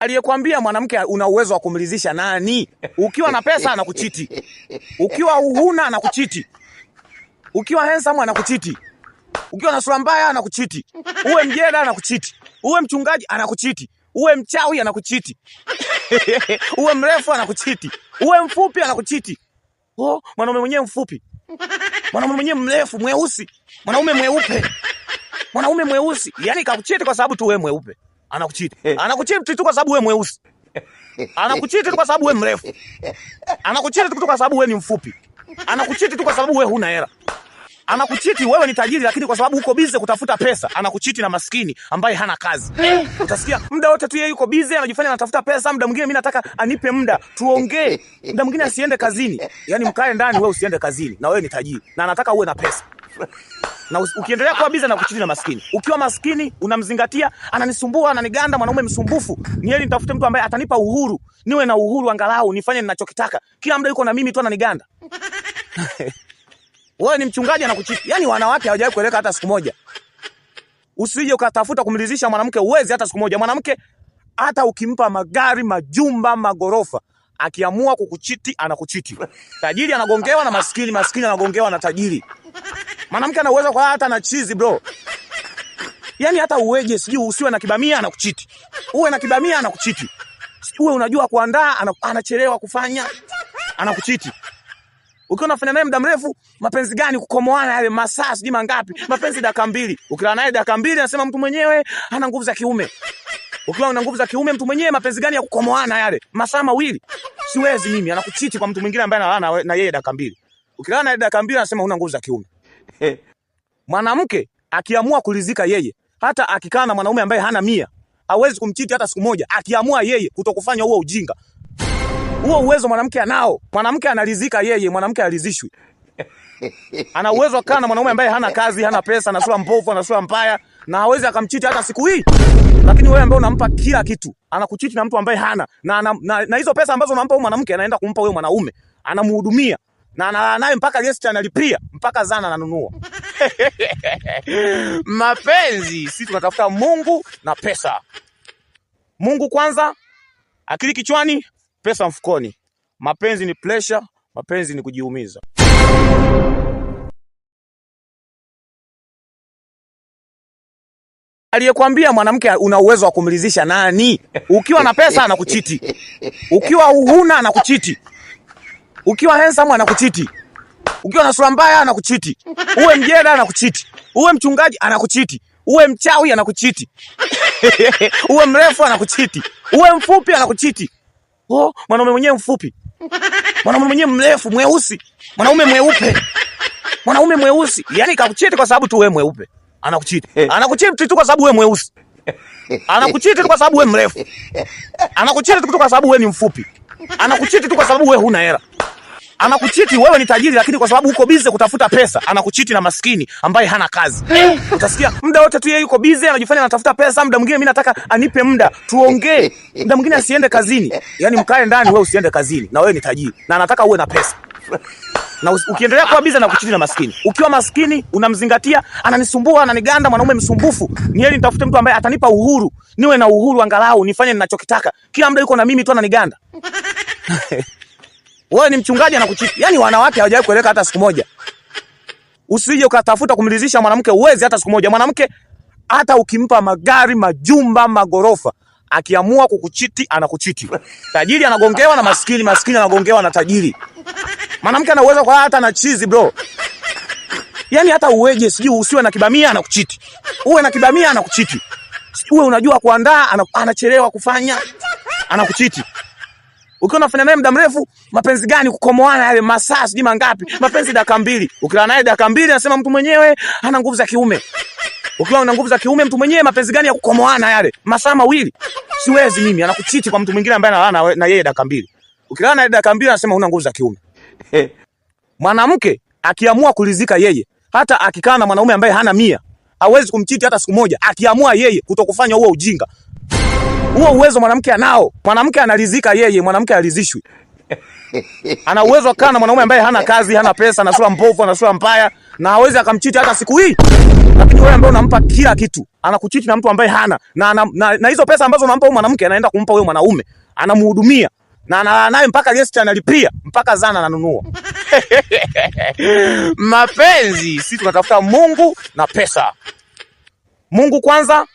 Aliyekwambia mwanamke una uwezo wa kumridhisha nani? Ukiwa na pesa anakuchiti, ukiwa huna anakuchiti, ukiwa handsome anakuchiti, ukiwa na sura mbaya anakuchiti, uwe mjeda anakuchiti, uwe mchungaji anakuchiti, uwe mchawi anakuchiti, uwe mrefu anakuchiti, uwe mfupi anakuchiti. Oh, mwanaume mwenyewe mfupi, mwanaume mwenyewe mrefu, mweusi, mwanaume mweupe, mwanaume mweusi, yani kakuchiti kwa sababu tu wewe mweupe anakuchiti, eh. anakuchiti tu kwa sababu wewe mweusi, anakuchiti tu kwa sababu wewe mrefu, anakuchiti tu kwa sababu wewe ni mfupi, anakuchiti tu kwa sababu wewe huna hela anakuchiti wewe ni tajiri, lakini kwa sababu uko bize kutafuta pesa anakuchiti na maskini ambaye hana kazi. Eh. Utasikia muda wote tu yeye yuko bize, anajifanya anatafuta pesa. Muda mwingine mimi nataka anipe muda tuongee, muda mwingine asiende kazini. Yani mkae ndani, wewe usiende kazini, na wewe ni tajiri na anataka uwe na pesa na ukiendelea kuwa biza na kuchini na maskini. Ukiwa maskini unamzingatia, ananisumbua, ananiganda, mwanaume msumbufu, ni heri nitafute mtu ambaye atanipa uhuru, niwe na uhuru angalau nifanye ninachokitaka. Kila mda yuko na mimi tu ananiganda. Wewe ni mchungaji anakuchiti. Yaani wanawake hawajawahi kueleka hata siku moja. Usije ukatafuta kumridhisha mwanamke, uwezi hata siku moja. Mwanamke hata ukimpa magari, majumba, magorofa, akiamua kukuchiti anakuchiti. Tajiri anagongewa na maskini, maskini anagongewa na tajiri. Mwanamke ana uwezo kwa hata na chizi bro. Yaani hata uweje sijui usiwe na kibamia anakuchiti. Uwe na kibamia anakuchiti. Uwe unajua kuandaa anachelewa kufanya anakuchiti. Ukiwa unafanya naye muda mrefu, mapenzi gani kukomoana yale masaa sijui mangapi? Mapenzi dakika mbili. Ukila naye dakika mbili anasema mtu mwenyewe ana nguvu za kiume. Ukiwa una nguvu za kiume mtu mwenyewe mapenzi gani ya kukomoana yale? Masaa mawili. Siwezi mimi, anakuchiti kwa mtu mwingine ambaye analala na yeye dakika mbili. Ukilala naye dakika mbili anasema una nguvu za kiume. Mwanamke akiamua kulizika yeye, hata akikaa na mwanaume ambaye hana mia, hawezi kumchiti hata siku moja, akiamua yeye kutokufanya huo ujinga huo. Uwezo mwanamke anao. Mwanamke analizika yeye, mwanamke alizishwi. Ana uwezo akaa na mwanaume ambaye hana kazi, hana pesa, ana sura mbovu, ana sura mbaya, na hawezi akamchiti hata siku hii. Lakini wewe ambaye unampa kila kitu, anakuchiti na mtu ambaye hana na, na, na, na hizo pesa ambazo unampa huyo mwanamke anaenda kumpa huyo mwanaume, anamhudumia na analala naye mpaka gesti analipia mpaka zana ananunua. Mapenzi, sisi tunatafuta Mungu na pesa. Mungu kwanza, akili kichwani, pesa mfukoni. Mapenzi ni pressure, mapenzi ni kujiumiza. Aliyekwambia mwanamke una uwezo wa kumridhisha nani? Ukiwa na pesa anakuchiti, ukiwa huna anakuchiti. Ukiwa handsome anakuchiti. Ukiwa na sura mbaya anakuchiti. Uwe mjeda anakuchiti. Uwe mchungaji anakuchiti. Uwe mchawi anakuchiti. Uwe mrefu anakuchiti. Uwe mfupi anakuchiti. Oh, mwanaume mwenyewe mfupi. Mwanaume mwenyewe mrefu, mweusi. Mwanaume mweupe. Mwanaume mweusi. Yaani kakuchiti kwa sababu tu wewe mweupe. Anakuchiti. Eh. Anakuchiti tu kwa sababu wewe mweusi. Anakuchiti tu kwa sababu wewe mrefu. Anakuchiti tu kwa sababu wewe ni mfupi. Anakuchiti tu kwa sababu wewe huna hela anakuchiti wewe ni tajiri, lakini kwa sababu uko bize kutafuta pesa anakuchiti na maskini ambaye hana kazi. Utasikia muda wote tu yeye yuko bize anajifanya anatafuta pesa. Muda mwingine mimi nataka anipe muda tuongee, muda mwingine asiende kazini. Yani mkae ndani, wewe usiende kazini, na wewe ni tajiri na anataka uwe na pesa na ukiendelea kuwa biza na kuchiti na maskini. Ukiwa maskini unamzingatia, ananisumbua, ananiganda, mwanaume msumbufu, ni heri nitafute mtu ambaye atanipa uhuru, niwe na uhuru, angalau nifanye ninachokitaka. Kila muda yuko na mimi tu ananiganda Wewe ni mchungaji anakuchiti. Yaani wanawake hawajawahi kueleka hata siku moja. Usije ukatafuta kumridhisha mwanamke, uwezi hata siku moja. Mwanamke hata ukimpa magari, majumba, magorofa, akiamua kukuchiti anakuchiti. Tajiri anagongewa na maskini, maskini anagongewa na tajiri. Mwanamke ana uwezo kwa hata na chizi bro. Yaani hata uweje, sijui usiwe na kibamia anakuchiti. Uwe na kibamia anakuchiti. Uwe unajua kuandaa anachelewa kufanya anakuchiti. Ukiwa unafanya naye muda mrefu, mapenzi gani kukomoana yale masaa sijui mangapi? Mapenzi dakika mbili. Ukiwa naye dakika mbili anasema mtu mwenyewe ana nguvu za kiume. Ukiwa una nguvu za kiume mtu mwenyewe mapenzi gani ya kukomoana yale? Masaa mawili. Siwezi mimi, anakuchiti kwa mtu mwingine ambaye analala na na yeye dakika mbili. Ukiwa naye dakika mbili anasema una nguvu za kiume. Mwanamke akiamua kulizika yeye, hata akikaa na mwanaume ambaye hana mia, hawezi kumchiti hata siku moja akiamua yeye kutokufanya huo ujinga. Huo uwezo mwanamke anao. Mwanamke analizika yeye, mwanamke alizishwi. Ana uwezo kana na mwanaume ambaye hana kazi, hana pesa, na sura mbovu, na sura mbaya na hawezi akamchiti hata siku hii. Lakini wewe ambaye unampa kila kitu, anakuchiti na mtu ambaye hana. Na na, na, na hizo pesa ambazo unampa huyo mwanamke anaenda kumpa huyo mwanaume. Anamhudumia. Na naye mpaka gesti analipia, mpaka zana ananunua. Mapenzi, si tunatafuta Mungu na pesa. Mungu kwanza,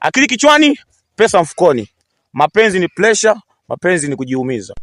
akili kichwani, pesa mfukoni. Mapenzi ni pressure, mapenzi ni kujiumiza.